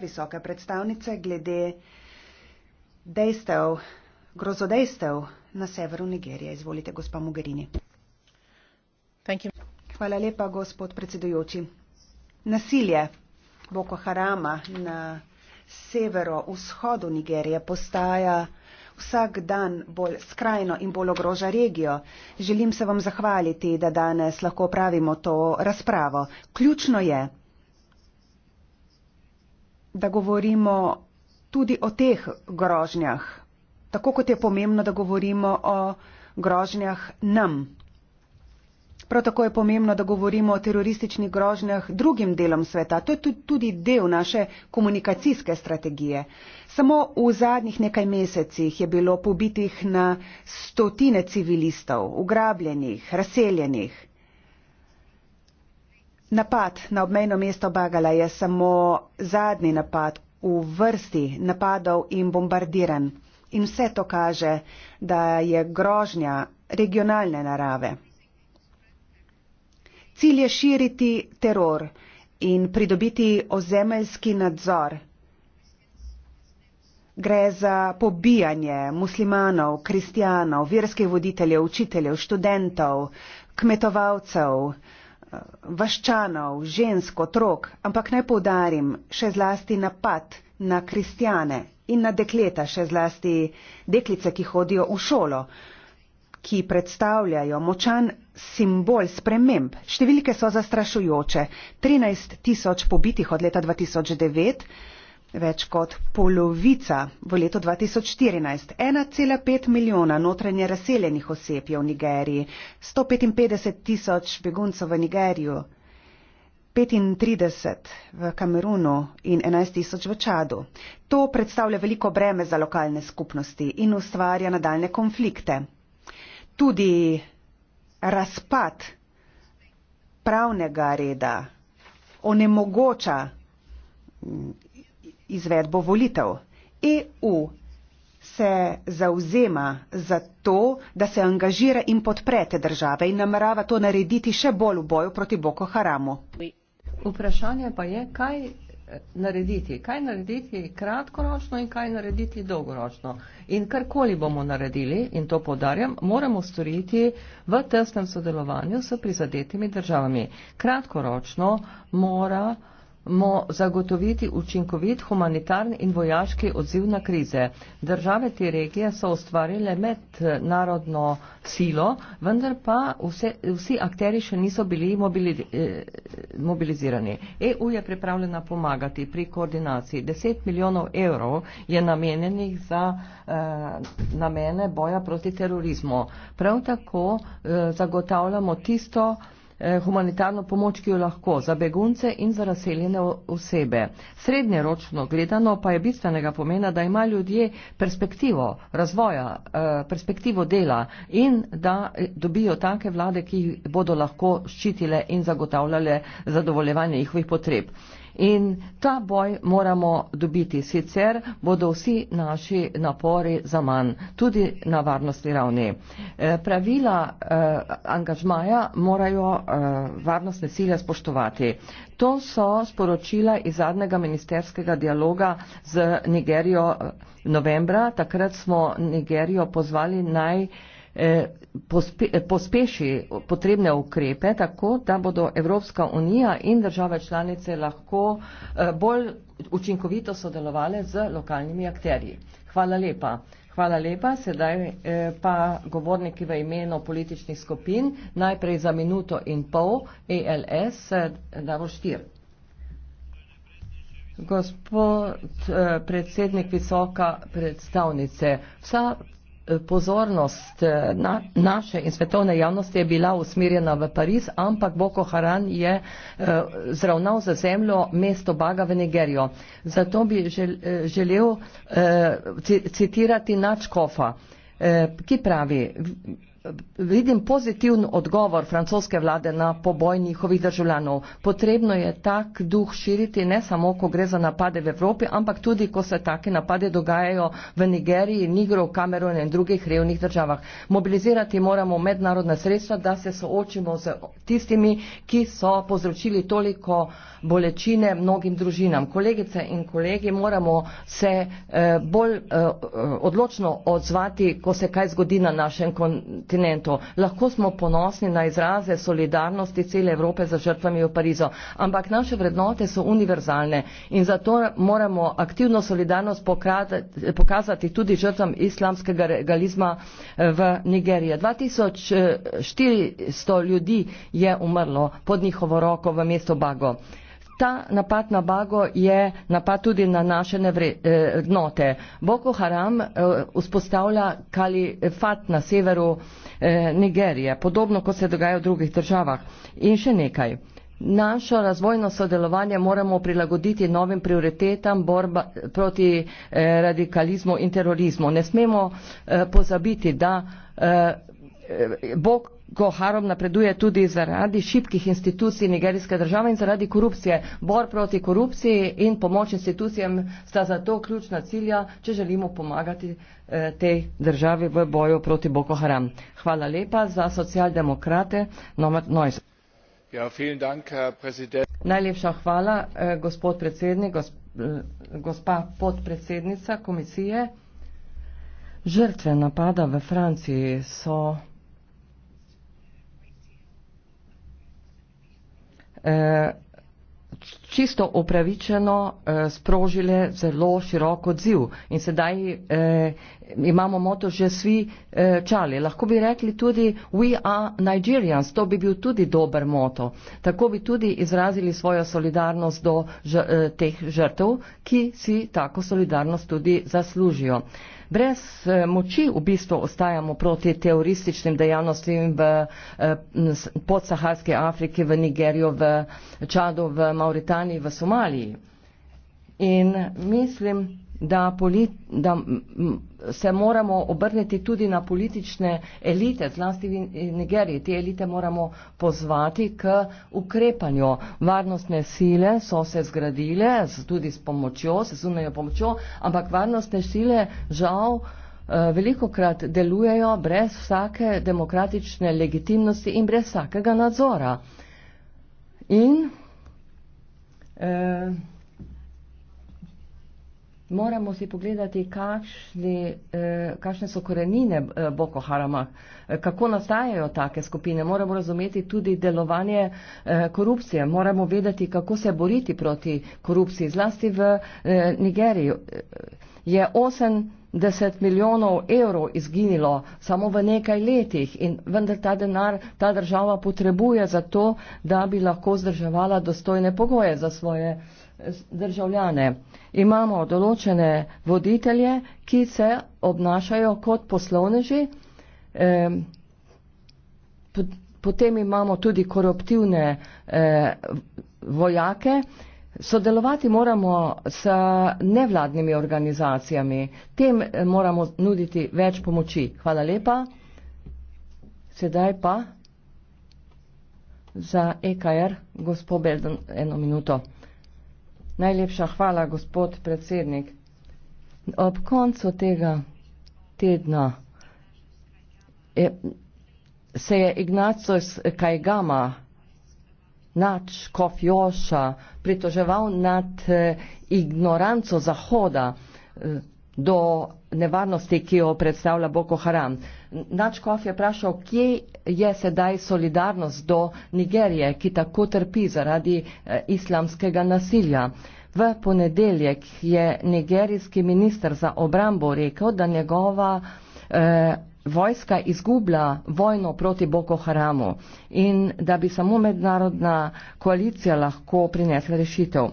visoke predstavnice glede dejstev, grozodejstev na severu Nigerije. Izvolite, gospa Mogherini. Hvala lepa, gospod predsedujoči. Nasilje Boko Harama na severo-vzhodu Nigerije postaja vsak dan bolj skrajno in bolj ogroža regijo. Želim se vam zahvaliti, da danes lahko pravimo to razpravo. Ključno je, da govorimo tudi o teh grožnjah, tako kot je pomembno, da govorimo o grožnjah nam. Prav tako je pomembno, da govorimo o terorističnih grožnjah drugim delom sveta. To je tudi del naše komunikacijske strategije. Samo v zadnjih nekaj mesecih je bilo pobitih na stotine civilistov, ugrabljenih, razseljenih. Napad na obmejno mesto Bagala je samo zadnji napad v vrsti napadov in bombardiran. In vse to kaže, da je grožnja regionalne narave. Cilj je širiti teror in pridobiti ozemeljski nadzor. Gre za pobijanje muslimanov, kristijanov, verskih voditeljev, učiteljev, študentov, kmetovalcev, vaščanov, žensk, otrok, ampak naj povdarim še zlasti napad na kristjane in na dekleta, še zlasti deklice, ki hodijo v šolo, ki predstavljajo močan simbol sprememb. Številke so zastrašujoče. 13 tisoč pobitih od leta 2009. Več kot polovica v letu 2014, 1,5 milijona notranje razseljenih oseb je v Nigeriji, 155 tisoč beguncov v Nigeriju, 35 v Kamerunu in 11 tisoč v Čadu. To predstavlja veliko breme za lokalne skupnosti in ustvarja nadaljne konflikte. Tudi razpad pravnega reda onemogoča izvedbo volitev. EU se zauzema za to, da se angažira in podpre te države in namerava to narediti še bolj v boju proti Boko Haramu. Vprašanje pa je, kaj eh, narediti, kaj narediti kratkoročno in kaj narediti dolgoročno. In karkoli bomo naredili, in to podarjam, moramo storiti v tesnem sodelovanju s prizadetimi državami. Kratkoročno mora mo zagotoviti učinkovit humanitarni in vojaški odziv na krize. Države te regije so ustvarile mednarodno silo, vendar pa vse, vsi akteri še niso bili mobili, eh, mobilizirani. EU je pripravljena pomagati pri koordinaciji. 10 milijonov evrov je namenjenih za eh, namene boja proti terorizmu. Prav tako eh, zagotavljamo tisto, Eh, humanitarno pomoč, ki jo lahko za begunce in za razseljene osebe. Srednjeročno gledano pa je bistvenega pomena, da ima ljudje perspektivo razvoja, eh, perspektivo dela in da eh, dobijo take vlade, ki jih bodo lahko ščitile in zagotavljale zadovoljevanje njihovih potreb. In ta boj moramo dobiti, sicer bodo vsi naši napori za manj, tudi na varnostni ravni. Eh, pravila eh, angažmaja morajo eh, varnostne sile spoštovati. To so sporočila iz zadnjega ministerskega dialoga z Nigerijo novembra. Takrat smo Nigerijo pozvali naj Eh, eh, pospeši potrebne ukrepe tako, da bodo Evropska unija in države članice lahko eh, bolj učinkovito sodelovali z lokalnimi akterji. Hvala lepa. Hvala lepa. Sedaj pa govorniki v imenu političnih skupin, najprej za minuto in pol, ALS, e Davo Štir. Gospod predsednik visoka predstavnice, vsa pozornost eh, na, naše in svetovne javnosti je bila usmerjena v Pariz, ampak Boko Haram je eh, zravnal za zemljo mesto Baga v Nigerijo. Zato bi žel, eh, želel eh, citirati Načkofa, eh, ki pravi, vidim pozitivni odgovor francoske vlade na poboj njihovih državljanov. Potrebno je tak duh širiti ne samo, ko gre za napade v Evropi, ampak tudi, ko se take napade dogajajo v Nigeriji, Nigru, Kamerunu in drugih revnih državah. Mobilizirati moramo mednarodna sredstva, da se soočimo z tistimi, ki so povzročili toliko bolečine mnogim družinam. Kolegice in kolegi, moramo se eh, bolj eh, odločno odzvati, ko se kaj zgodi na našem kontinentu kontinentu. Lahko smo ponosni na izraze solidarnosti cele Evrope za žrtvami v Parizu, ampak naše vrednote so univerzalne in zato moramo aktivno solidarnost pokazati tudi žrtvam islamskega regalizma eh, v Nigeriji. 2400 eh, ljudi je umrlo pod njihovo roko v mestu Bago ta napad na Bago je napad tudi na naše vrednote. Eh, Boko Haram eh, vzpostavlja kalifat eh, na severu Nigerije, podobno kot se dogaja v drugih državah. In še nekaj. Našo razvojno sodelovanje moramo prilagoditi novim prioritetam borba proti radikalizmu in terorizmu. Ne smemo pozabiti, da Boko Harom napreduje tudi zaradi šibkih institucij nigerijske države in zaradi korupcije. Bor proti korupciji in pomoč institucijam sta zato ključna cilja, če želimo pomagati eh, tej državi v boju proti Boko Haram. Hvala lepa za socialdemokrate Nomad Noise. Ja, dank, Najlepša hvala, eh, gospod predsednik, eh, gospa podpredsednica komisije. Žrtve napada v Franciji so Eh, čisto upravičeno eh, sprožile zelo širok odziv. In sedaj eh, imamo moto že svi eh, čali. Lahko bi rekli tudi We are Nigerians, to bi bil tudi dober moto. Tako bi tudi izrazili svojo solidarnost do ž, eh, teh žrtev, ki si tako solidarnost tudi zaslužijo. Eh, brez eh, moči v bistvu ostajamo proti terorističnim dejavnostim v eh, podsaharski Afriki, v Nigeriju, v Čadu, v Mauritaniji, v Somaliji. In mislim, da, polit, da se moramo obrniti tudi na politične elite, zlasti v Nigeriji. Te elite moramo pozvati k ukrepanju. Varnostne sile so se zgradile tudi s pomočjo, se zunajo pomočjo, ampak varnostne sile žal eh, veliko krat delujejo brez vsake demokratične legitimnosti in brez vsakega nadzora. In eh, moramo si pogledati, kakšne, eh, kakšne so korenine eh, Boko Harama, eh, kako nastajajo take skupine, moramo razumeti tudi delovanje korupcije, moramo vedeti, kako se boriti proti korupciji, zlasti v Nigeriji. Je 80 milijonov evrov izginilo samo v nekaj letih in vendar ta denar ta država potrebuje za to, da bi lahko zdrževala dostojne pogoje za svoje državljane. Imamo določene voditelje, ki se obnašajo kot poslovneži. Potem imamo tudi koruptivne eh, vojake. Sodelovati moramo s nevladnimi organizacijami. Tem eh, moramo nuditi več pomoči. Hvala lepa. Sedaj pa za EKR, gospod Belden, eno minuto. Najlepša hvala, gospod predsednik. Ob koncu tega tedna je, se je Ignacio Kajgama nač Kofjoša pritoževal nad eh, ignoranco Zahoda eh, do nevarnosti, ki jo predstavlja Boko Haram. Načkov je vprašal, kje je sedaj solidarnost do Nigerije, ki tako trpi zaradi eh, islamskega nasilja. V ponedeljek je nigerijski minister za obrambo rekel, da njegova eh, vojska izgublja vojno proti Boko Haramu in da bi samo mednarodna koalicija lahko prinesla rešitev. Eh,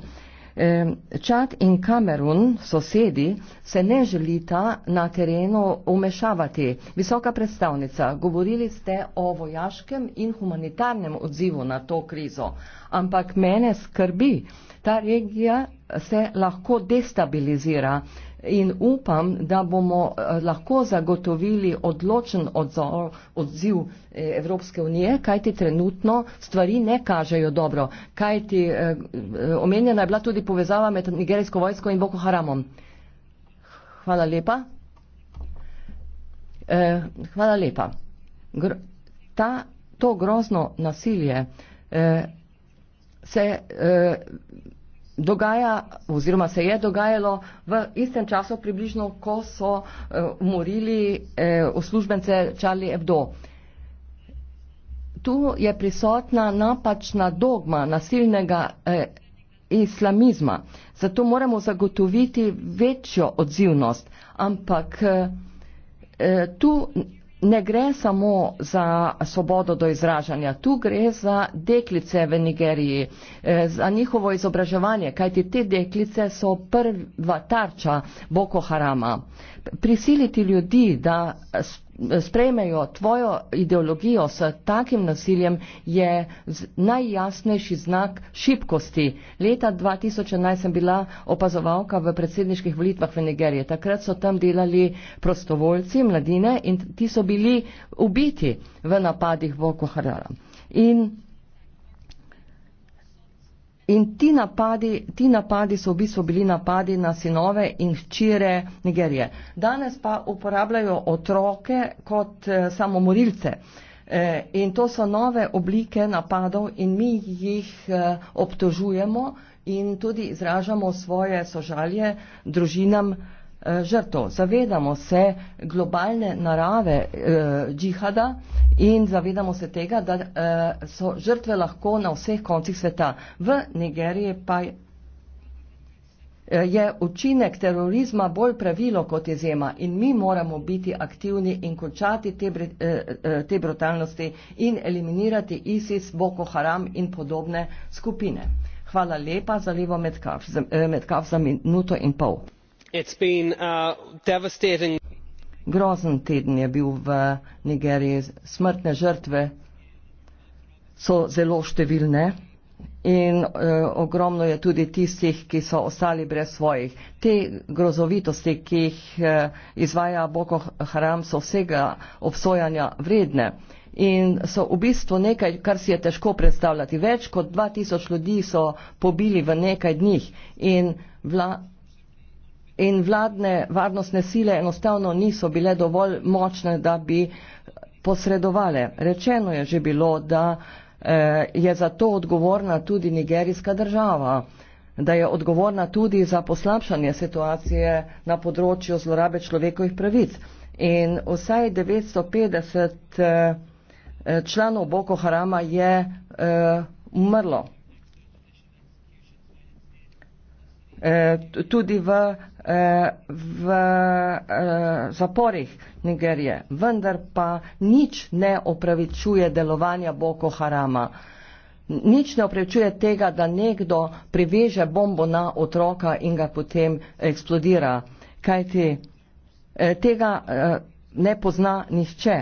Čad in Kamerun, sosedi, se ne želita na terenu umešavati. Visoka predstavnica, govorili ste o vojaškem in humanitarnem odzivu na to krizo, ampak mene skrbi, ta regija se lahko destabilizira in upam, da bomo eh, lahko zagotovili odločen odzor, odziv eh, Evropske unije, kajti trenutno stvari ne kažejo dobro. Kajti eh, omenjena je bila tudi povezava med nigerijsko vojsko in Boko Haramom. Hvala lepa. Hvala lepa. Ta, to grozno nasilje se dogaja oziroma se je dogajalo v istem času približno, ko so eh, umorili eh, uslužbence Charlie Hebdo. Tu je prisotna napačna dogma nasilnega eh, islamizma, zato moramo zagotoviti večjo odzivnost, ampak tu ne gre samo za svobodo do izražanja, tu gre za deklice v Nigeriji, eh, za njihovo izobraževanje, kajti te deklice so prva tarča Boko Harama. Prisiliti ljudi, da sprejmejo tvojo ideologijo s takim nasiljem, je najjasnejši znak šibkosti. Leta 2011 sem bila opazovalka v predsedniških volitvah v Nigeriji. Takrat so tam delali prostovoljci, mladine in ti so bili ubiti v napadih Boko Harara. In In ti napadi, ti napadi so v bistvu bili napadi na sinove in hčire Nigerije. Danes pa uporabljajo otroke kot eh, samomorilce. Eh, in to so nove oblike napadov in mi jih eh, obtožujemo in tudi izražamo svoje sožalje družinam Eh, žrtov. Zavedamo se globalne narave eh, džihada in zavedamo se tega, da eh, so žrtve lahko na vseh koncih sveta. V Nigeriji pa je eh, učinek terorizma bolj pravilo kot izjema in mi moramo biti aktivni in končati te, eh, eh, te brutalnosti in eliminirati ISIS, Boko Haram in podobne skupine. Hvala lepa za levo Metkav, za, eh, Metkav za minuto in pol. Uh, Grozen teden je bil v Nigeriji. Smrtne žrtve so zelo številne in e, ogromno je tudi tistih, ki so ostali brez svojih. Te grozovitosti, ki jih e, izvaja Boko Haram, so vsega obsojanja vredne in so v bistvu nekaj, kar si je težko predstavljati. Več kot 2000 ljudi so pobili v nekaj dnih in vla in vladne varnostne sile enostavno niso bile dovolj močne, da bi posredovale. Rečeno je že bilo, da eh, je za to odgovorna tudi nigerijska država, da je odgovorna tudi za poslabšanje situacije na področju zlorabe človekovih pravic. In vsaj 950 eh, članov Boko Harama je eh, umrlo. Tudi v v eh, zaporih Nigerije. Vendar pa nič ne opravičuje delovanja Boko Harama. Nič ne opravičuje tega, da nekdo priveže bombo na otroka in ga potem eksplodira. Kajti eh, tega eh, ne pozna nihče.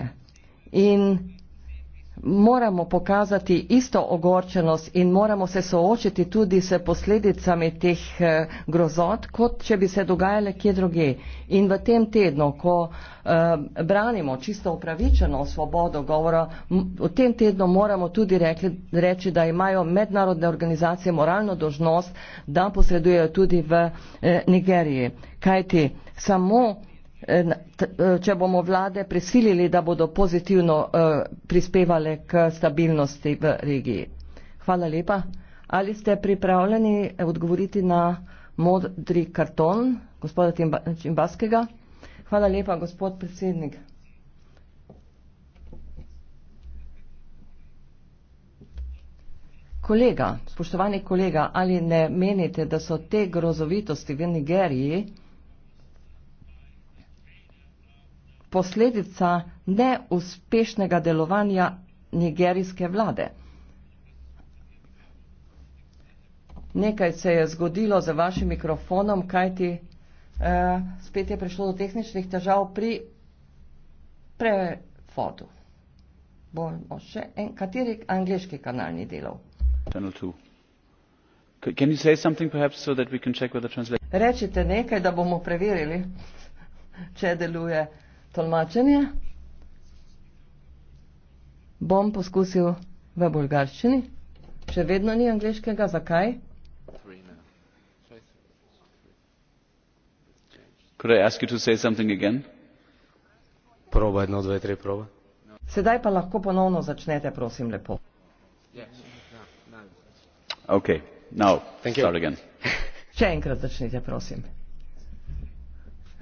In moramo pokazati isto ogorčenost in moramo se soočiti tudi s posledicami teh eh, grozot, kot če bi se dogajale kje druge. In v tem tednu, ko eh, branimo čisto upravičeno svobodo govora, v tem tednu moramo tudi rekli, reči, da imajo mednarodne organizacije moralno dožnost, da posredujejo tudi v eh, Nigeriji. Kajti samo E, če bomo vlade prisilili, da bodo pozitivno e, prispevale k stabilnosti v regiji. Hvala lepa. Ali ste pripravljeni e, odgovoriti na modri karton gospoda Čimbaskega? Hvala lepa, gospod predsednik. Kolega, spoštovani kolega, ali ne menite, da so te grozovitosti v Nigeriji posledica neuspešnega delovanja nigerijske vlade. Nekaj se je zgodilo z vašim mikrofonom, kajti eh, spet je prišlo do tehničnih težav pri prevodu. Bomo še en, kateri angliški kanal ni delal? So Rečite nekaj, da bomo preverili, če deluje tolmačenje. Bom poskusil v bolgarščini. Še vedno ni angliškega. Zakaj? Could I ask you to say something again? Proba, jedno, dve, tri, proba. Sedaj pa lahko ponovno začnete, prosim, lepo. Ok, now, Thank start you. again. Še enkrat začnite, prosim.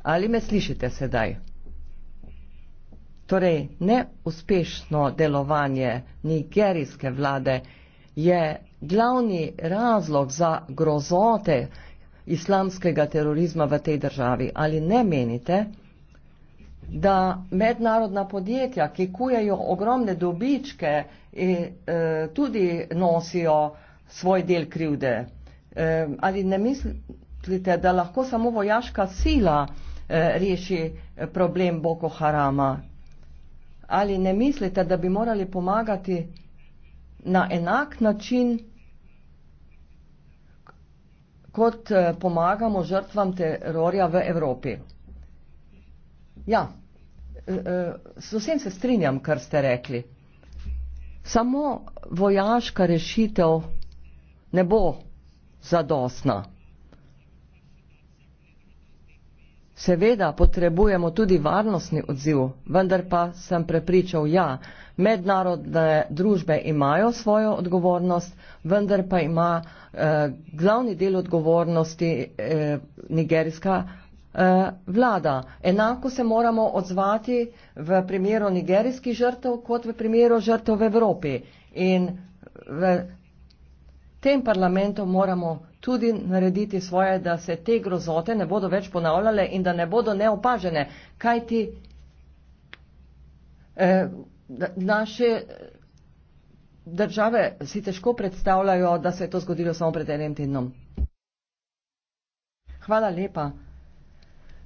Ali me slišite sedaj? Torej, neuspešno delovanje nigerijske vlade je glavni razlog za grozote islamskega terorizma v tej državi. Ali ne menite, da mednarodna podjetja, ki kujejo ogromne dobičke, eh, eh, tudi nosijo svoj del krivde? Eh, ali ne mislite, da lahko samo vojaška sila reši problem Boko Harama? ali ne mislite, da bi morali pomagati na enak način, kot eh, pomagamo žrtvam terorja v Evropi? Ja, sosem eh, eh, se strinjam, kar ste rekli. Samo vojaška rešitev ne bo zadostna. Seveda potrebujemo tudi varnostni odziv, vendar pa sem prepričal, ja, mednarodne družbe imajo svojo odgovornost, vendar pa ima eh, glavni del odgovornosti eh, nigerijska eh, vlada. Enako se moramo odzvati v primeru nigerijskih žrtev kot v primeru žrtev v Evropi. In v tem parlamentu moramo tudi narediti svoje, da se te grozote ne bodo več ponavljale in da ne bodo neopažene. Kaj ti eh, naše eh, države si težko predstavljajo, da se je to zgodilo samo pred enim tednom? Hvala lepa.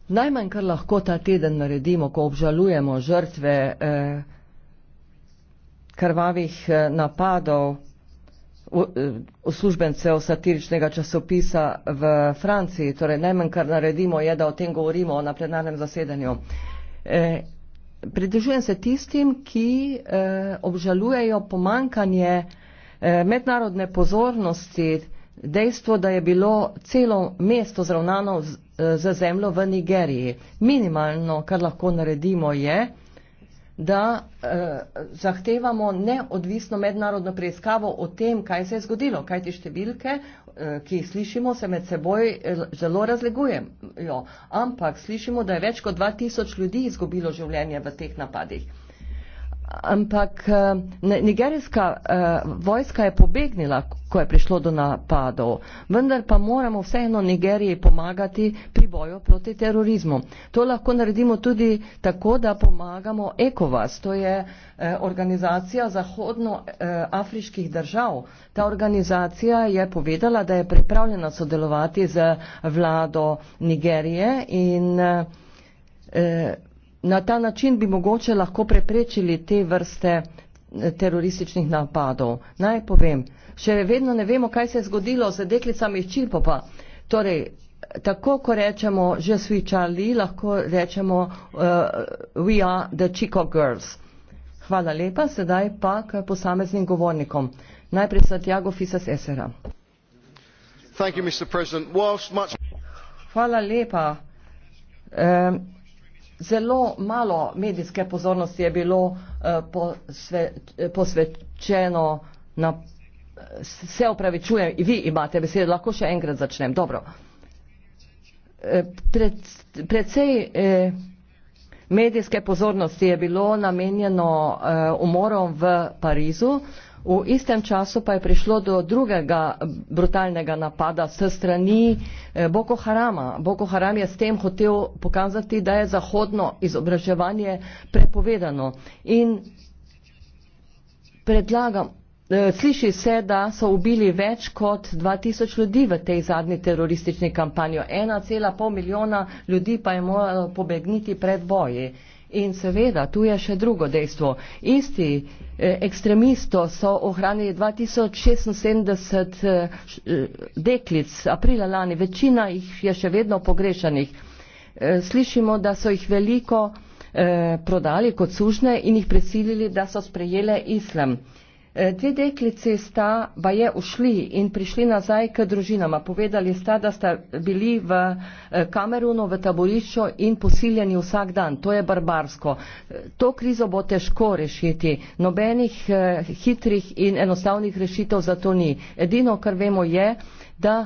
Najmanj, kar lahko ta teden naredimo, ko obžalujemo žrtve eh, krvavih eh, napadov, E, uslužbencev satiričnega časopisa v Franciji. Torej, najmanj, kar naredimo, je, da o tem govorimo na plenarnem zasedanju. E, pridržujem se tistim, ki e, obžalujejo pomankanje e, mednarodne pozornosti, dejstvo, da je bilo celo mesto zravnano z, e, z zemljo v Nigeriji. Minimalno, kar lahko naredimo, je, da eh, zahtevamo neodvisno mednarodno preiskavo o tem, kaj se je zgodilo, kaj ti številke, eh, ki jih slišimo, se med seboj eh, zelo razlegujejo. Ampak slišimo, da je več kot 2000 ljudi izgubilo življenje v teh napadih ampak eh, nigerijska eh, vojska je pobegnila, ko je prišlo do napadov. Vendar pa moramo vseeno Nigeriji pomagati pri boju proti terorizmu. To lahko naredimo tudi tako, da pomagamo ECOWAS, to je eh, organizacija zahodnoafriških držav. Ta organizacija je povedala, da je pripravljena sodelovati z vlado Nigerije in na ta način bi mogoče lahko preprečili te vrste eh, terorističnih napadov. Naj povem, še vedno ne vemo, kaj se je zgodilo z deklicami Čilpopa. Torej, tako, ko rečemo že svi čali, lahko rečemo uh, we are the Chico girls. Hvala lepa, sedaj pa k posameznim govornikom. Najprej Santiago Fisas Esera. Hvala lepa. Um, Zelo malo medijske pozornosti je bilo eh, eh, posvečeno na. Se opravičujem, vi imate besedo, lahko še enkrat začnem. Dobro. Eh, pred, predvsej medijske pozornosti je bilo namenjeno umorom v Parizu. V istem času pa je prišlo do drugega brutalnega napada s strani eh, Boko Harama. Boko Haram je s tem hotel pokazati, da je zahodno izobraževanje prepovedano. In predlagam, eh, sliši se, da so ubili več kot 2000 ljudi v tej zadnji teroristični kampanji. 1,5 milijona ljudi pa je moralo pobegniti pred boji. In seveda, tu je še drugo dejstvo. Isti Eh, ekstremistov so ohranili 2076 eh, eh, deklic aprila lani, večina jih je še vedno pogrešanih. Slišimo, da so jih veliko prodali kot sužne in jih presilili, da so sprejele islam. Eh, dve deklici sta pa je ušli in prišli nazaj k družinama. Povedali sta, da sta bili v eh, Kamerunu, v taborišču in posiljeni vsak dan. To je barbarsko. Eh, to krizo bo težko rešiti. Nobenih hitrih in enostavnih rešitev za to ni. Edino, kar vemo, je, da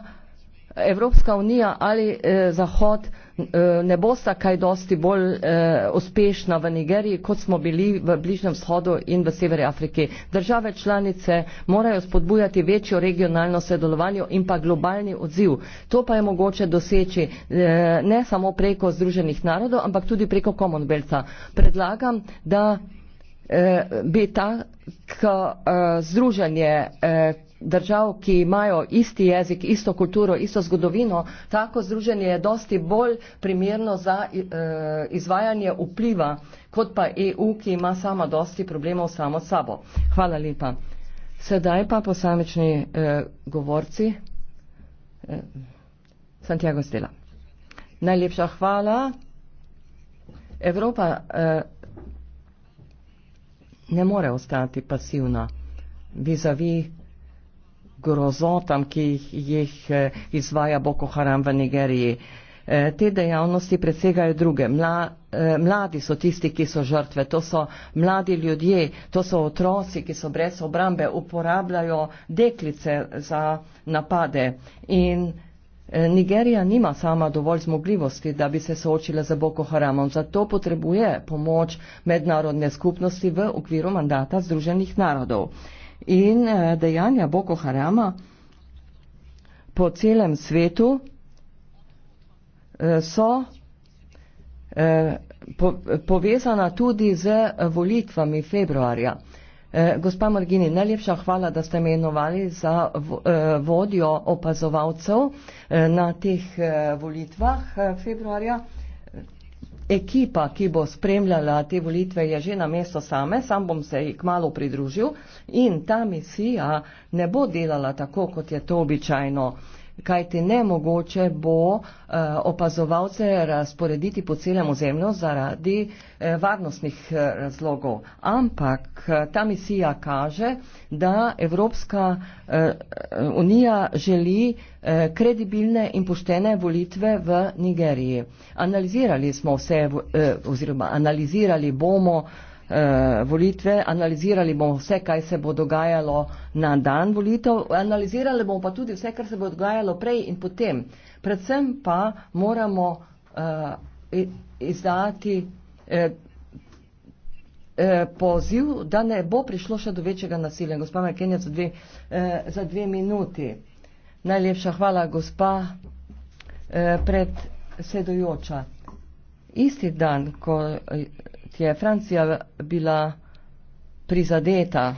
Evropska unija ali Zahod Eh, ne bosta kaj dosti bolj eh, uspešna v Nigeriji, kot smo bili v Bližnjem vzhodu in v Severi Afriki. Države članice morajo spodbujati večjo regionalno sodelovanje in pa globalni odziv. To pa je mogoče doseči eh, ne samo preko Združenih narodov, ampak tudi preko Commonwealtha. Predlagam, da bi ta združenje držav, ki imajo isti jezik, isto kulturo, isto zgodovino, tako združenje je dosti bolj primerno za eh, izvajanje vpliva, kot pa EU, ki ima sama dosti problemov samo s sabo. Hvala lepa. Sedaj pa posamični eh, govorci. Eh, Santiago Stela. Najlepša hvala. Evropa eh, ne more ostati pasivna vizavi grozotam, ki jih, jih eh, izvaja Boko Haram v Nigeriji. Eh, te dejavnosti presegajo druge. Mla, eh, mladi so tisti, ki so žrtve, to so mladi ljudje, to so otroci, ki so brez obrambe, uporabljajo deklice za napade. In Nigerija nima sama dovolj zmogljivosti, da bi se soočila z Boko Haramom. Zato potrebuje pomoč mednarodne skupnosti v okviru mandata Združenih narodov in eh, dejanja Boko Harama po celem svetu eh, so eh, povezana tudi z volitvami februarja. Gospa Margini, najlepša hvala, da ste me inovali za vodjo opazovalcev na teh volitvah februarja ekipa, ki bo spremljala te volitve, je že na mesto same, sam bom se jih malo pridružil in ta misija ne bo delala tako, kot je to običajno kajti nemogoče bo eh, opazovalce razporediti po celem ozemlju zaradi eh, varnostnih eh, razlogov. Ampak ta misija kaže, da Evropska unija želi kredibilne in poštene volitve v Nigeriji. Analizirali smo vse oziroma analizirali bomo eh, volitve, analizirali bomo vse, kaj se bo dogajalo na dan volitev, analizirali bomo pa tudi vse, kar se bo dogajalo prej in potem. Predvsem pa moramo eh, izdati eh, eh, poziv, da ne bo prišlo še do večjega nasilja. Gospa Mekenja, za, eh, za dve minuti. Najlepša hvala, gospa eh, predsedujoča. Isti dan, ko. Eh, je Francija bila prizadeta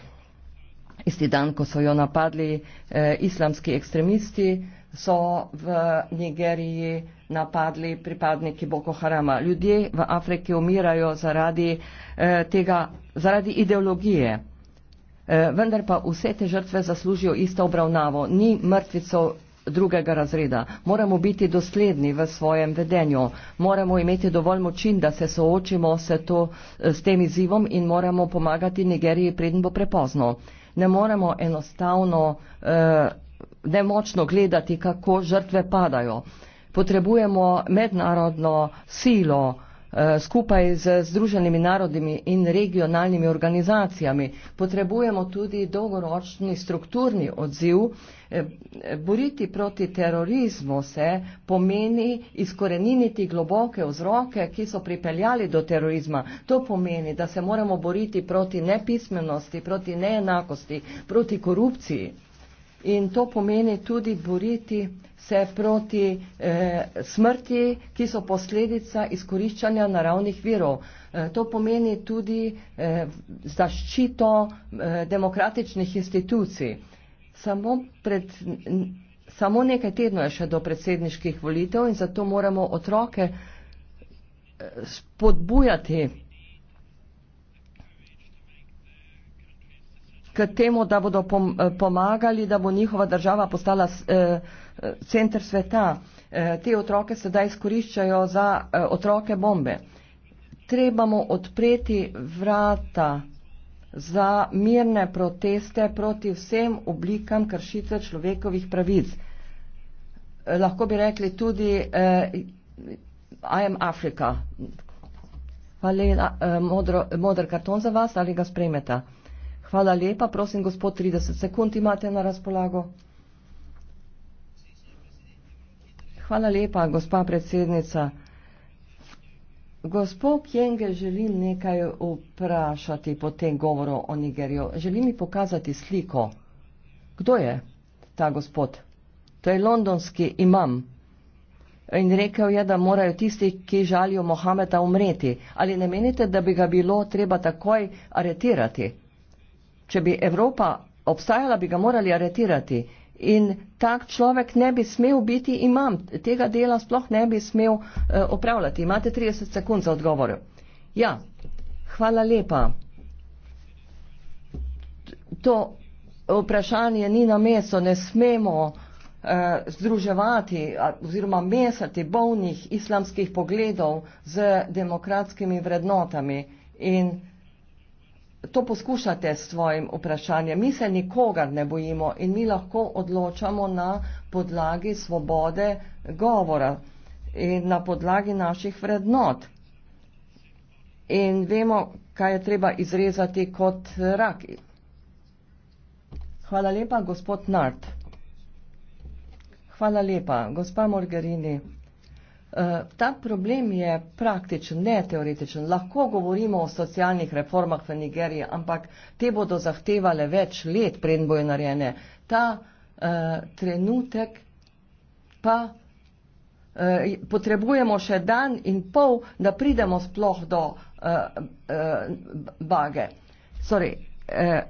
isti dan, ko so jo napadli eh, islamski ekstremisti, so v Nigeriji napadli pripadniki Boko Harama. Ljudje v Afriki umirajo zaradi eh, tega, zaradi ideologije. Eh, vendar pa vse te žrtve zaslužijo isto obravnavo. Ni mrtvico drugega razreda. Moramo biti dosledni v svojem vedenju, moramo imeti dovolj moči, da se soočimo se to, s tem izzivom in moramo pomagati Nigeriji, preden bo prepozno. Ne moremo enostavno, eh, nemočno gledati, kako žrtve padajo. Potrebujemo mednarodno silo, Eh, skupaj z Združenimi narodimi in regionalnimi organizacijami. Potrebujemo tudi dolgoročni strukturni odziv. Eh, boriti proti terorizmu se pomeni izkoreniniti globoke vzroke, ki so pripeljali do terorizma. To pomeni, da se moramo boriti proti nepismenosti, proti neenakosti, proti korupciji. In to pomeni tudi boriti se proti eh, smrti, ki so posledica izkoriščanja naravnih virov. Eh, to pomeni tudi eh, zaščito eh, demokratičnih institucij. Samo, pred, samo nekaj tednov je še do predsedniških volitev in zato moramo otroke eh, spodbujati k temu, da bodo eh, pomagali, da bo njihova država postala eh, center sveta. Eh, te otroke sedaj izkoriščajo za otroke bombe. Trebamo odpreti vrata za mirne proteste proti vsem oblikam kršitve človekovih pravic. Lahko bi rekli tudi eh, I am Africa. Hvala, eh, modro, modr karton za vas ali ga spremeta. Hvala lepa. Prosim, gospod, 30 sekund imate na razpolago. Hvala lepa, gospa predsednica. Gospod Kjenge, želim nekaj vprašati po tem govoru o Nigerju. Želim mi pokazati sliko. Kdo je ta gospod? To je londonski imam. In rekel je, da morajo tisti, ki žalijo Mohameda, umreti. Ali ne menite, da bi ga bilo treba takoj aretirati? Če bi Evropa obstajala, bi ga morali aretirati. In tak človek ne bi smel biti imam. Tega dela sploh ne bi smel eh, opravljati. Imate 30 sekund za odgovor. Ja, hvala lepa. To vprašanje ni na meso. Ne smemo eh, združevati oziroma mesati bolnih islamskih pogledov z demokratskimi vrednotami. In to poskušate s svojim vprašanjem. Mi se nikogar ne bojimo in mi lahko odločamo na podlagi svobode govora in na podlagi naših vrednot. In vemo, kaj je treba izrezati kot raki. Hvala lepa, gospod Nart. Hvala lepa, gospa Morgerini. Eh, ta problem je praktičen, ne teoretičen. Lahko govorimo o socialnih reformah v Nigeriji, ampak te bodo zahtevale več let predboje narejene. Ta uh, trenutek pa uh, potrebujemo še dan in pol, da pridemo sploh do uh, uh, bage. Sorry, uh,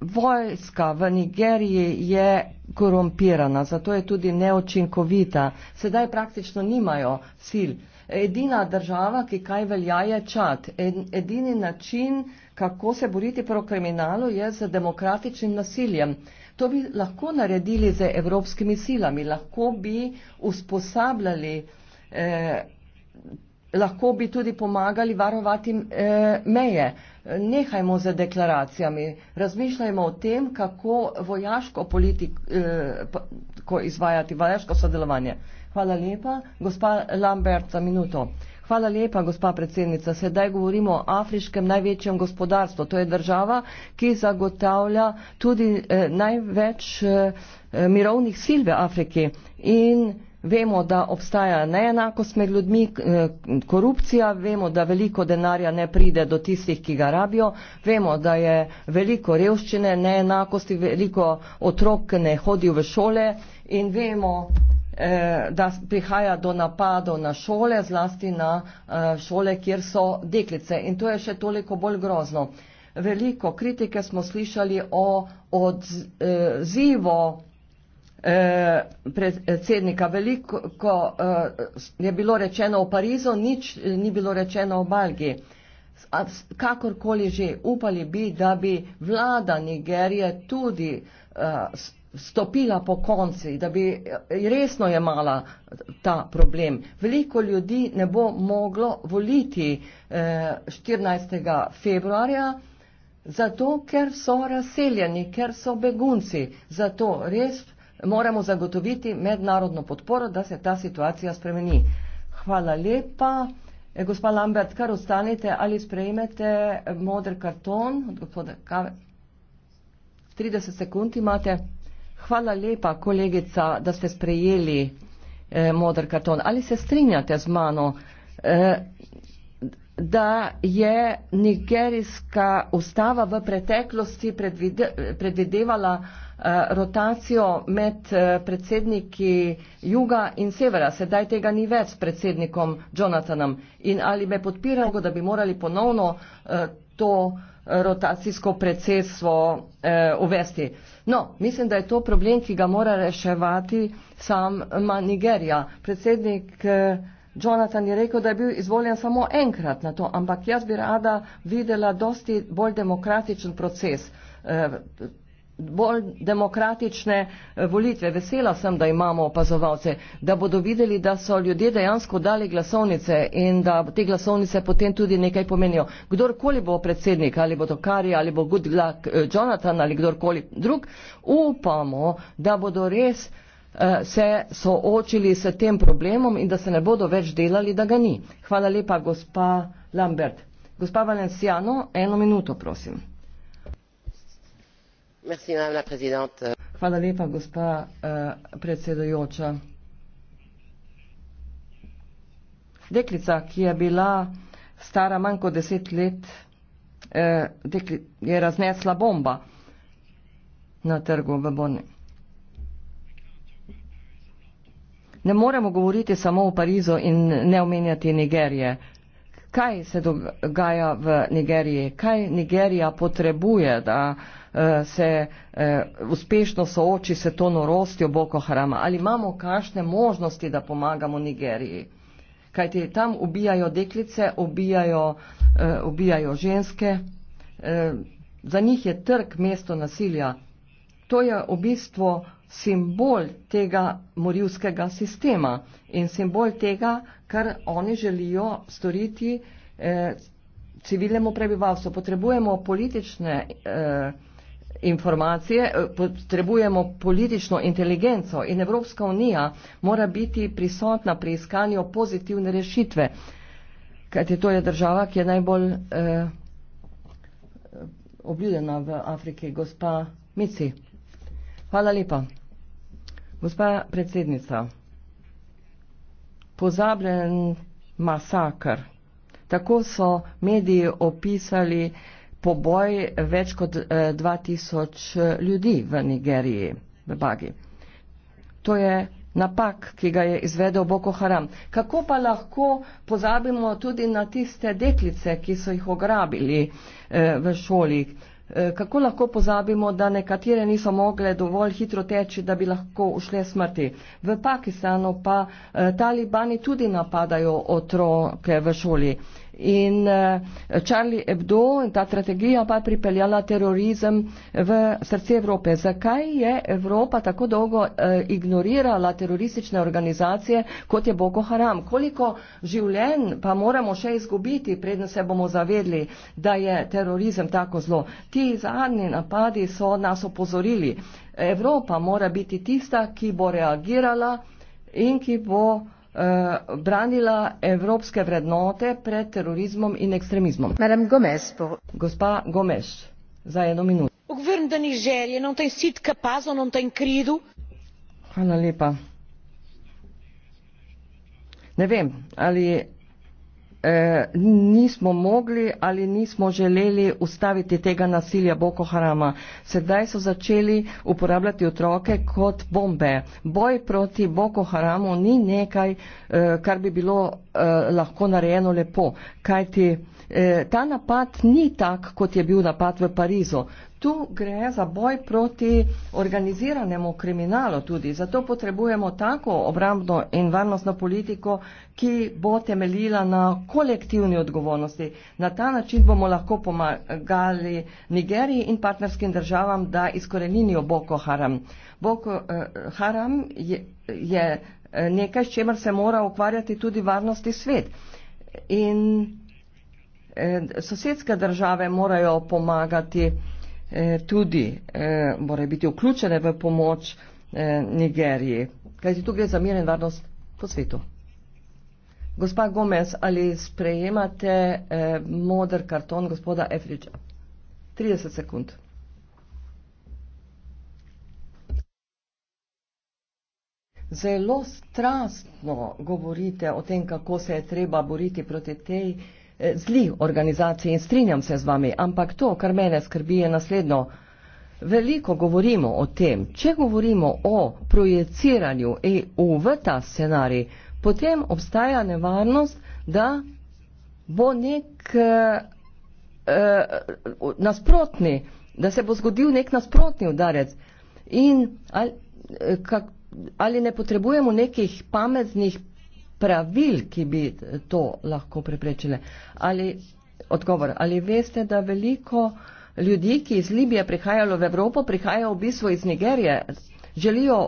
Vojska v Nigeriji je korumpirana, zato je tudi neočinkovita. Sedaj praktično nimajo sil. Edina država, ki kaj velja, je čat. Edini način, kako se boriti proti kriminalu, je z demokratičnim nasiljem. To bi lahko naredili z evropskimi silami, lahko bi usposabljali eh, lahko bi tudi pomagali varovati eh, meje. Nehajmo z deklaracijami, razmišljajmo o tem, kako vojaško politiko eh, izvajati, vojaško sodelovanje. Hvala lepa, gospa Lambert, za minuto. Hvala lepa, gospa predsednica. Sedaj govorimo o afriškem največjem gospodarstvu. To je država, ki zagotavlja tudi eh, največ eh, mirovnih sil v Afriki. In Vemo, da obstaja neenakost med ljudmi, eh, korupcija, vemo, da veliko denarja ne pride do tistih, ki ga rabijo, vemo, da je veliko revščine, neenakosti, veliko otrok ne hodi v šole in vemo, eh, da prihaja do napadov na šole, zlasti na eh, šole, kjer so deklice. In to je še toliko bolj grozno. Veliko kritike smo slišali o odzivu. Eh, Eh, predsednika. Veliko ko, eh, je bilo rečeno v Parizu, nič eh, ni bilo rečeno v Belgiji. Kakorkoli že upali bi, da bi vlada Nigerije tudi eh, stopila po konci, da bi eh, resno jemala ta problem. Veliko ljudi ne bo moglo voliti eh, 14. februarja. Zato, ker so razseljeni, ker so begunci. Zato res eh, moramo zagotoviti mednarodno podporo, da se ta situacija spremeni. Hvala lepa. E, gospa Lambert, kar ostanite ali sprejmete modr karton od gospoda Kave. 30 sekund imate. Hvala lepa, kolegica, da ste sprejeli e, modr karton. Ali se strinjate z mano, e, da je nigerijska ustava v preteklosti predvide, predvidevala Eh, rotacijo med eh, predsedniki juga in severa. Sedaj tega ni več s predsednikom Jonathanom. In ali me podpirajo, da bi morali ponovno eh, to rotacijsko predsedstvo uvesti. No, mislim, da je to problem, ki ga mora reševati sama Nigerija. Predsednik Jonathan je rekel, da je bil izvoljen samo enkrat na to, ampak jaz bi rada videla dosti bolj demokratičen proces bolj demokratične eh, volitve. Vesela sem, da imamo opazovalce, da bodo videli, da so ljudje dejansko dali glasovnice in da te glasovnice potem tudi nekaj pomenijo. Kdorkoli bo predsednik, ali bo to Kari, ali bo Goodluck eh, Jonathan ali kdorkoli drug, upamo, da bodo res eh, se soočili s tem problemom in da se ne bodo več delali, da ga ni. Hvala lepa, gospa Lambert. Gospa Valenciano, eno minuto, prosim. Hvala lepa, gospa eh, predsedojoča. Deklica, ki je bila stara manj kot deset let, eh, dekli, je raznesla bomba na trgu v Boni. Ne moremo govoriti samo o Parizu in ne omenjati Nigerije kaj se dogaja v Nigeriji, kaj Nigerija potrebuje, da eh, se eh, uspešno sooči se to norostjo Boko Harama. Ali imamo kakšne možnosti, da pomagamo Nigeriji? Kaj ti tam ubijajo deklice, ubijajo, eh, ubijajo ženske. Za njih je trg mesto nasilja. To je v bistvu simbol tega morilskega sistema in simbol tega, kar oni želijo storiti eh, civilnemu prebivalstvu. Potrebujemo politične eh, informacije, eh, potrebujemo politično inteligenco in Evropska unija mora biti prisotna pri iskanju pozitivne rešitve, kajti to je država, ki je najbolj eh, obljudena v Afriki, gospa Mici. Hvala lepa. Gospa predsednica pozabljen masakr. Tako so mediji opisali poboj več kot 2000 eh, eh, ljudi v Nigeriji, v Bagi. To je napak, ki ga je izvedel Boko Haram. Kako pa lahko pozabimo tudi na tiste deklice, ki so jih ograbili eh, v šoli, Eh, kako lahko pozabimo, da nekatere niso mogle dovolj hitro teči, da bi lahko ušle smrti. V Pakistanu pa eh, talibani tudi napadajo otroke v šoli in eh, Charlie Hebdo in ta strategija pa je pripeljala terorizem v srce Evrope. Zakaj je Evropa tako dolgo eh, ignorirala teroristične organizacije, kot je Boko Haram? Koliko življenj pa moramo še izgubiti, predno se bomo zavedli, da je terorizem tako zlo? Ti zadnji napadi so nas opozorili. Evropa mora biti tista, ki bo reagirala in ki bo Uh, branila evropske vrednote pred terorizmom in ekstremizmom. Gomez, po... Gospa Gomes, za eno minuto. O governo da Nigerija não tem sido capaz ou não tem querido? Hvala lepa. Ne vem, ali Eh, nismo mogli ali nismo želeli ustaviti tega nasilja Boko Harama. Sedaj so začeli uporabljati otroke kot bombe. Boj proti Boko Haramu ni nekaj, eh, kar bi bilo eh, lahko narejeno lepo. Kajti ta napad ni tak, kot je bil napad v Parizu. Tu gre za boj proti organiziranemu kriminalu tudi. Zato potrebujemo tako obrambno in varnostno politiko, ki bo temeljila na kolektivni odgovornosti. Na ta način bomo lahko pomagali Nigeriji in partnerskim državam, da izkorenijo Boko Haram. Boko eh, Haram je, je eh, nekaj, s čemer se mora ukvarjati tudi varnosti svet. In eh, sosedske države morajo pomagati. Eh, tudi eh, morajo biti vključene v pomoč eh, Nigeriji. Kaj ti tu gre za mir in varnost po svetu? Gospa Gomez, ali sprejemate modr karton gospoda Efriča? 30 sekund. Zelo strastno govorite o tem, kako se je treba boriti proti tej eh, Eh, zli organizaciji in strinjam se z vami, ampak to, kar mene skrbi, je naslednjo. Veliko govorimo o tem, če govorimo o projeciranju EU v ta scenarij, potem obstaja nevarnost, da bo nek eh, eh, nasprotni, da se bo zgodil nek nasprotni udarec. In ali, eh, kak, ali ne potrebujemo nekih pametnih pravil, ki bi to lahko preprečile. Ali, odgovor, ali veste, da veliko ljudi, ki iz Libije prihajalo v Evropo, prihajajo v bistvu iz Nigerije, želijo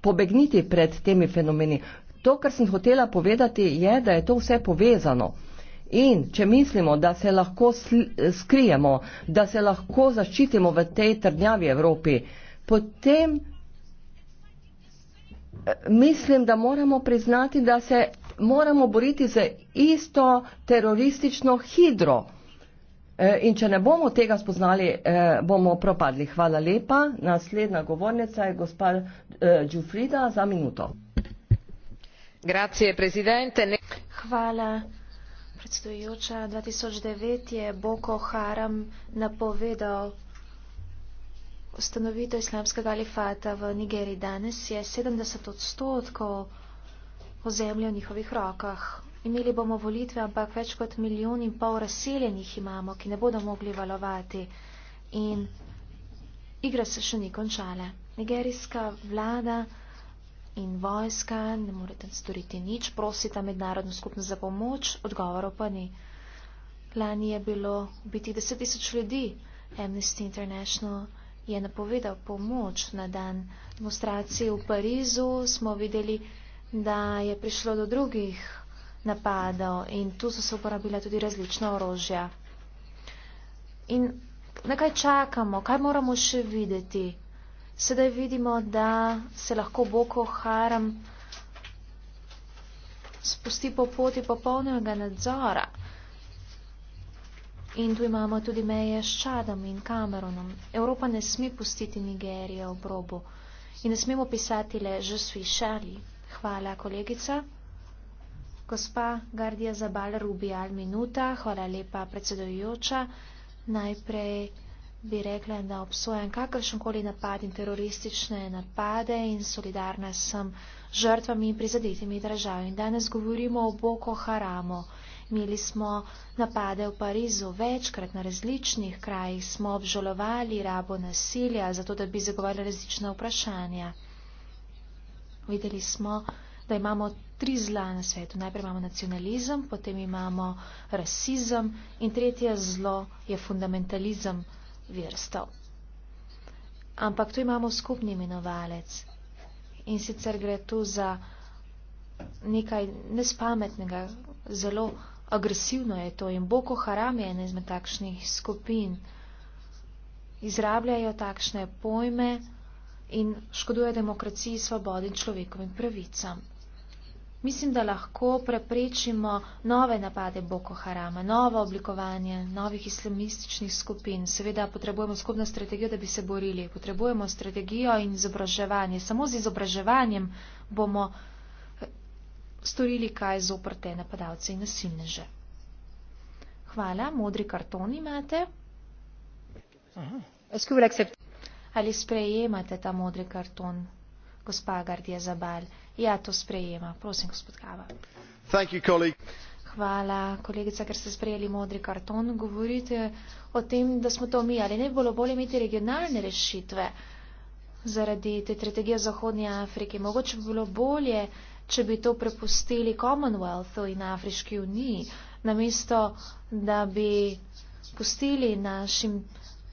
pobegniti pred temi fenomeni. To, kar sem hotela povedati, je, da je to vse povezano. In če mislimo, da se lahko skrijemo, da se lahko zaščitimo v tej trdnjavi Evropi, potem mislim, da moramo priznati, da se moramo boriti za isto teroristično hidro. E, in če ne bomo tega spoznali, e, bomo propadli. Hvala lepa. Naslednja govornica je gospa e, Džufrida za minuto. Hvala. Predstojujoča 2009 je Boko Haram napovedal ustanovitev islamskega alifata v Nigeriji danes je 70 odstotkov ozemlja v njihovih rokah. Imeli bomo volitve, ampak več kot milijon in pol razseljenih imamo, ki ne bodo mogli valovati. In igra se še ni končala. Nigerijska vlada in vojska ne morete storiti nič, prosita mednarodno skupnost za pomoč, odgovorov pa ni. Lani je bilo biti 10 tisoč ljudi, Amnesty International je napovedal pomoč na dan demonstracije v Parizu, smo videli, da je prišlo do drugih napadov in tu so se uporabila tudi različna orožja. In na kaj čakamo, kaj moramo še videti? Sedaj vidimo, da se lahko Boko Haram spusti po poti popolnega nadzora. In tu imamo tudi meje s Čadom in Kameronom. Evropa ne sme pustiti Nigerije v brobu. In ne smemo pisati le že svi šali. Hvala, kolegica. Gospa Gardija Zabal Rubi Alminuta, hvala lepa predsedujoča. Najprej bi rekla, da obsojam kakršenkoli napad in teroristične napade in solidarna sem žrtvami in prizadetimi državami. Danes govorimo o Boko Haramo. Imeli smo napade v Parizu, večkrat na različnih krajih smo obžalovali rabo nasilja, zato da bi zagovarjali različna vprašanja. Videli smo, da imamo tri zla na svetu. Najprej imamo nacionalizem, potem imamo rasizem in tretje zlo je fundamentalizem verstev. Ampak tu imamo skupni imenovalec in sicer gre tu za nekaj nespametnega, zelo agresivno je to in Boko Haram je ena izmed takšnih skupin. Izrabljajo takšne pojme in škodujejo demokraciji, svobodi in človekovim pravicam. Mislim, da lahko preprečimo nove napade Boko Harama, novo oblikovanje novih islamističnih skupin. Seveda potrebujemo skupno strategijo, da bi se borili. Potrebujemo strategijo in izobraževanje. Samo z izobraževanjem bomo storili kaj zoprte napadalce in nasilneže. Hvala, modri karton imate. Ali sprejemate ta modri karton, gospa Gardija Zabal? Ja, to sprejema. Prosim, gospod Kava. Hvala, kolegica, ker ste sprejeli modri karton. Govorite o tem, da smo to mi, ali ne bi bilo bolje imeti regionalne rešitve zaradi te strategije Zahodnje Afrike. Mogoče bi bilo bolje če bi to prepustili Commonwealthu in Afriški uniji, namesto da bi pustili našim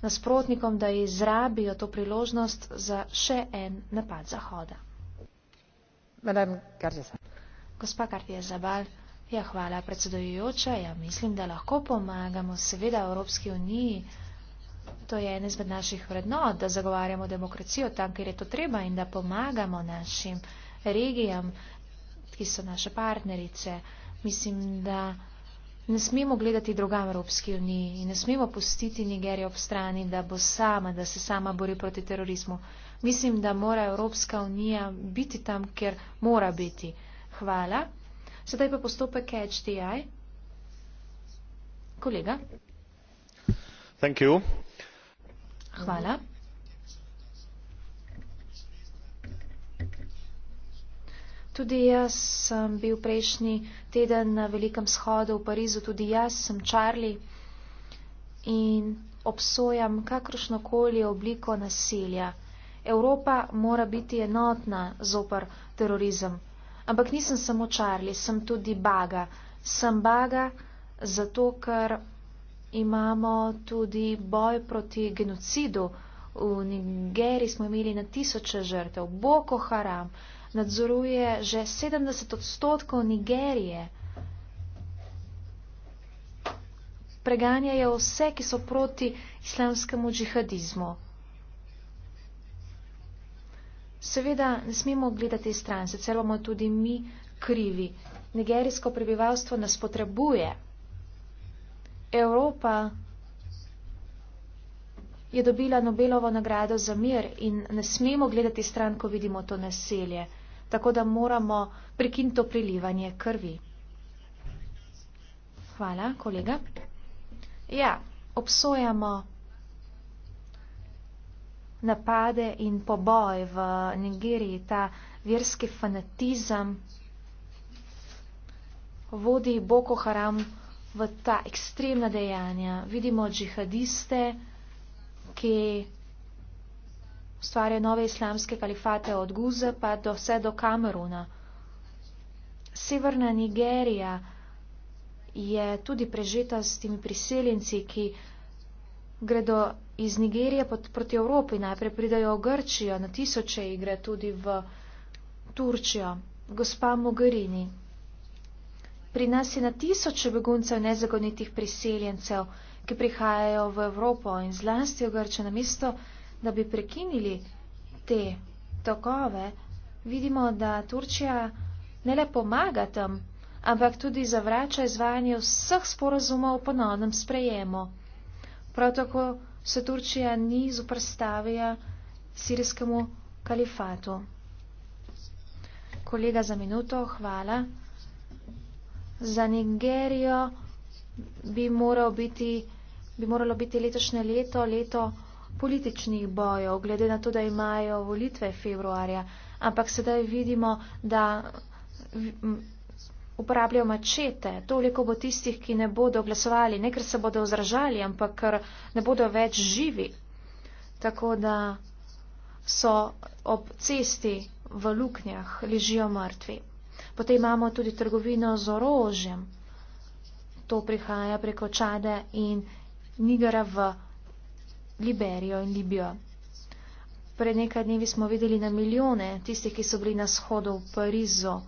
nasprotnikom, da izrabijo to priložnost za še en napad Zahoda. Gospa Kartija Zabal, ja hvala predsedujoča, ja mislim, da lahko pomagamo seveda Evropski uniji. To je ena izmed naših vrednot, da zagovarjamo demokracijo tam, kjer je to treba in da pomagamo našim regijam, ki so naše partnerice. Mislim, da ne smemo gledati drugam Evropski uniji in ne smemo pustiti Nigerije ob strani, da bo sama, da se sama bori proti terorizmu. Mislim, da mora Evropska unija biti tam, ker mora biti. Hvala. Sedaj pa postopek HDI. Kolega. Thank you. Hvala. Tudi jaz sem bil prejšnji teden na velikem shodu v Parizu, tudi jaz sem Charlie in obsojam kakršnokoli obliko nasilja. Evropa mora biti enotna zopr terorizem. Ampak nisem samo Charlie, sem tudi baga. Sem baga zato, ker imamo tudi boj proti genocidu. V Nigeriji smo imeli na tisoče žrtev, Boko Haram nadzoruje že 70 odstotkov Nigerije. Preganjajo vse, ki so proti islamskemu džihadizmu. Seveda ne smemo gledati stran, sicer bomo tudi mi krivi. Nigerijsko prebivalstvo nas potrebuje. Evropa je dobila Nobelovo nagrado za mir in ne smemo gledati stran, ko vidimo to naselje tako da moramo prekin to prilivanje krvi. Hvala, kolega. Ja, obsojamo napade in poboj v Nigeriji, ta verski fanatizem vodi Boko Haram v ta ekstremna dejanja. Vidimo džihadiste, ki ustvarja nove islamske kalifate od Guze pa do vse do Kameruna. Severna Nigerija je tudi prežeta s temi priseljenci, ki gredo iz Nigerije proti Evropi, najprej pridajo v Grčijo, na tisoče jih gre tudi v Turčijo. Gospa Mogherini, pri nas je na tisoče beguncev nezagonitih priseljencev, ki prihajajo v Evropo in zlasti v Grčijo na mesto, da bi prekinili te tokove, vidimo, da Turčija ne le pomaga tam, ampak tudi zavrača izvajanje vseh sporazumov o ponovnem sprejemu. Prav tako se Turčija ni zoprstavila sirskemu kalifatu. Kolega za minuto, hvala. Za Nigerijo bi, moral biti, bi moralo biti letošnje leto, leto političnih bojov, glede na to, da imajo volitve februarja, ampak sedaj vidimo, da uporabljajo mačete, toliko bo tistih, ki ne bodo glasovali, ne ker se bodo vzražali, ampak ker ne bodo več živi. Tako da so ob cesti v luknjah ležijo mrtvi. Potem imamo tudi trgovino z orožjem. To prihaja preko Čade in Nigera v Liberijo in Libijo. Pred nekaj dnevi smo videli na milijone tistih, ki so bili na shodu v Parizu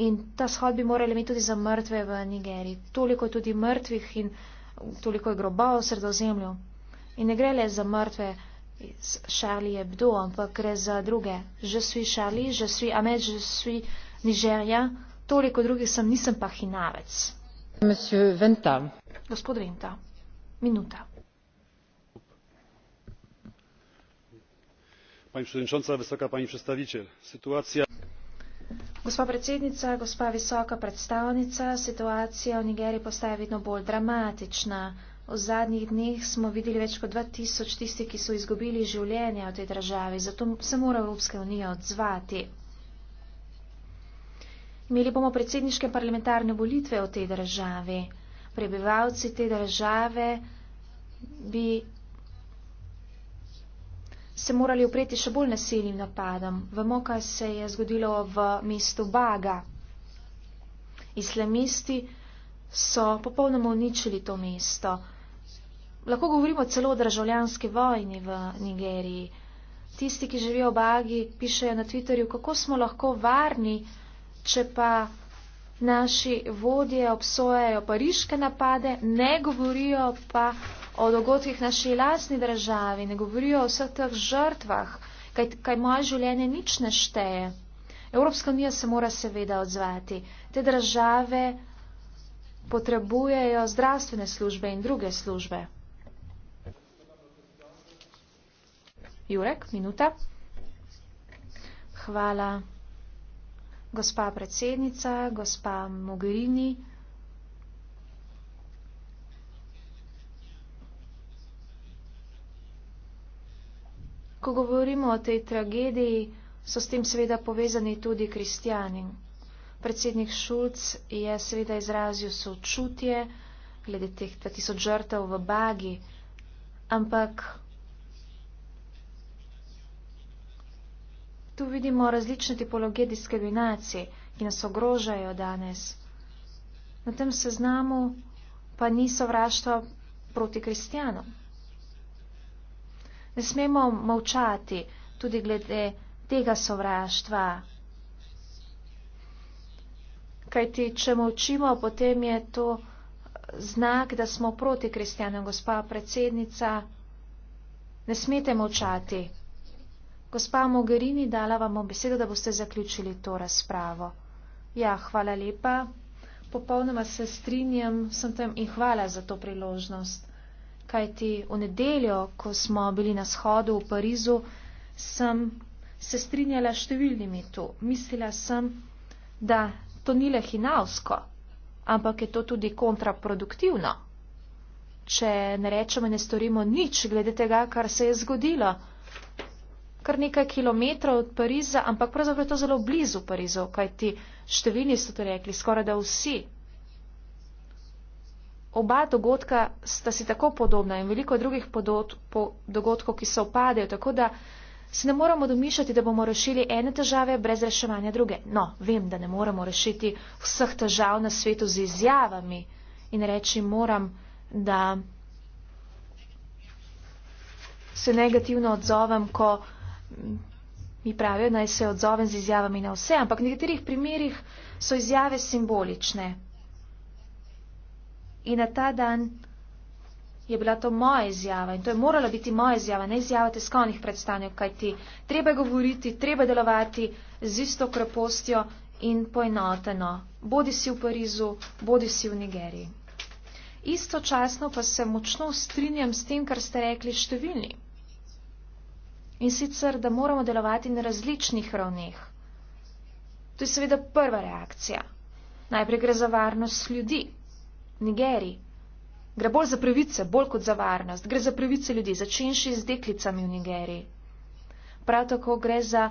in ta shod bi morali imeti tudi za mrtve v Nigeriji. Toliko je tudi mrtvih in toliko je grobav v sredozemlju. In ne gre le za mrtve iz Charlie Hebdo, ampak gre za druge. Že svi Charlie, že svi Ahmed, že svi Nigerija, toliko drugih sem, nisem pa hinavec. Gospod Venta, minuta. pani predsednica gospa visoka predstavnica situacija v nigeriji postaja vedno bolj dramatična. v zadnjih dneh smo videli več kot dva tisoč tistih ki so izgubili življenje v bojih proti militantom boko haram. V zadnjih dneh smo videli več kot 2000 tistih, ki so izgubili življenje v tej državi, zato se mora Evropska unija odzvati. Imeli bomo predsedniške parlamentarne volitve v tej državi. Prebivalci te države bi se morali opreti še bolj nasilnim napadom. Vemo, kaj se je zgodilo v mestu Baga. Islamisti so popolnoma uničili to mesto. Lahko govorimo celo o državljanski vojni v Nigeriji. Tisti, ki živijo v Bagi, pišejo na Twitterju, kako smo lahko varni, če pa naši vodje obsojajo pariške napade, ne govorijo pa o dogodkih naši lastni državi, ne govorijo o vseh teh žrtvah, kaj, kaj moje življenje nič ne šteje. Evropska unija se mora seveda odzvati. Te države potrebujejo zdravstvene službe in druge službe. Jurek, minuta. Hvala, gospa predsednica, gospa Mogherini. Ko govorimo o tej tragediji, so s tem seveda povezani tudi kristijani. Predsednik Šulc je seveda izrazil sočutje glede teh 2000 žrtev v Bagi, ampak tu vidimo različne tipologije diskriminacije, ki nas ogrožajo danes. Na tem seznamu pa ni sovraštva proti kristijanom. Ne smemo molčati tudi glede tega sovraštva. Kajti, če molčimo, potem je to znak, da smo proti kristjanom, gospa predsednica. Ne smete molčati. Gospa Mogherini, dala vam bom besedo, da boste zaključili to razpravo. Ja, hvala lepa. Popolnoma se strinjam, sem tam in hvala za to priložnost kajti v nedeljo, ko smo bili na shodu v Parizu, sem se strinjala številnimi tu. Mislila sem, da to ni le hinavsko, ampak je to tudi kontraproduktivno. Če ne rečemo, ne storimo nič glede tega, kar se je zgodilo. Kar nekaj kilometrov od Pariza, ampak pravzaprav je to zelo blizu Parizov, kajti številni so to rekli, skoraj da vsi oba dogodka sta si tako podobna in veliko drugih dogodkov, ki se opadejo, tako da si ne moramo domišljati, da bomo rešili ene težave brez reševanja druge. No, vem, da ne moramo rešiti vseh težav na svetu z izjavami in reči moram, da se negativno odzovem, ko mi pravijo, naj se odzovem z izjavami na vse, ampak v nekaterih primerjih so izjave simbolične. In na ta dan je bila to moja izjava in to je morala biti moja izjava, ne izjava tiskovnih predstavnikov, kajti treba je govoriti, treba je delovati z isto krepostjo in poenoteno, bodi si v Parizu, bodi si v Nigeriji. Istočasno pa se močno strinjam s tem, kar ste rekli številni. In sicer, da moramo delovati na različnih ravneh. To je seveda prva reakcija. Najprej gre za varnost ljudi. Nigeri. Gre bolj za pravice, bolj kot za varnost. Gre za pravice ljudi, začenši z deklicami v Nigeriji. Prav tako gre za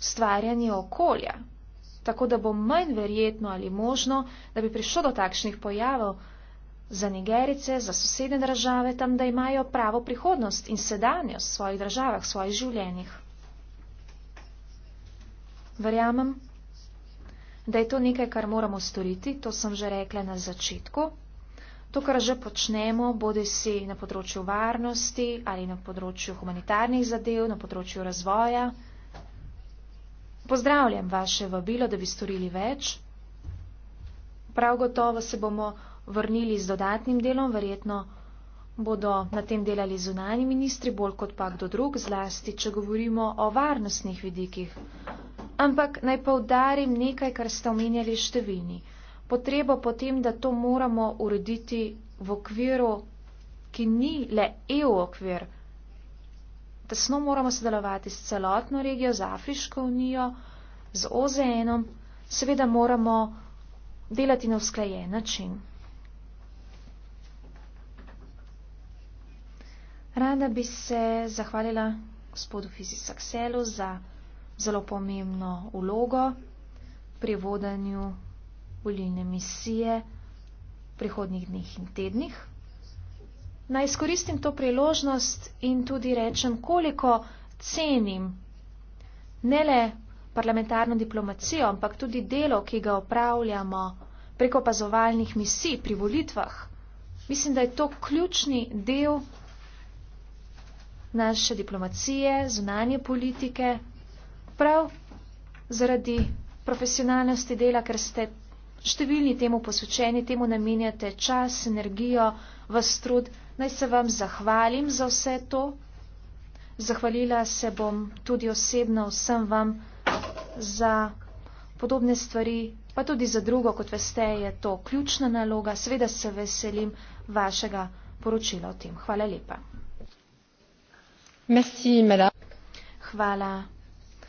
ustvarjanje okolja, tako da bo manj verjetno ali možno, da bi prišlo do takšnih pojavov za Nigerice, za sosedne države, tam, da imajo pravo prihodnost in sedanjost v svojih državah, v svojih življenjih. Verjamem, da je to nekaj, kar moramo storiti, to sem že rekla na začetku to, kar že počnemo, bodi si na področju varnosti ali na področju humanitarnih zadev, na področju razvoja. Pozdravljam vaše vabilo, da bi storili več. Prav gotovo se bomo vrnili z dodatnim delom, verjetno bodo na tem delali zunani ministri, bolj kot pa kdo drug, zlasti, če govorimo o varnostnih vidikih. Ampak naj poudarim nekaj, kar ste omenjali številni potrebo potem, da to moramo urediti v okviru, ki ni le EU okvir. Tesno moramo sodelovati s celotno regijo, z Afriško unijo, z OZN-om, seveda moramo delati na usklajen način. Rada bi se zahvalila gospodu Fizisakselu za zelo pomembno ulogo pri vodanju volilne misije v prihodnih dneh in tednih. Naj izkoristim to priložnost in tudi rečem, koliko cenim ne le parlamentarno diplomacijo, ampak tudi delo, ki ga opravljamo preko opazovalnih misij pri volitvah. Mislim, da je to ključni del naše diplomacije, zunanje politike, prav zaradi profesionalnosti dela, ker ste številni temu posvečeni, temu namenjate čas, energijo, vas trud. Naj se vam zahvalim za vse to. Zahvalila se bom tudi osebno vsem vam za podobne stvari, pa tudi za drugo, kot veste, je to ključna naloga. Sveda se veselim vašega poročila o tem. Hvala lepa. Merci, Hvala,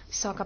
visoka.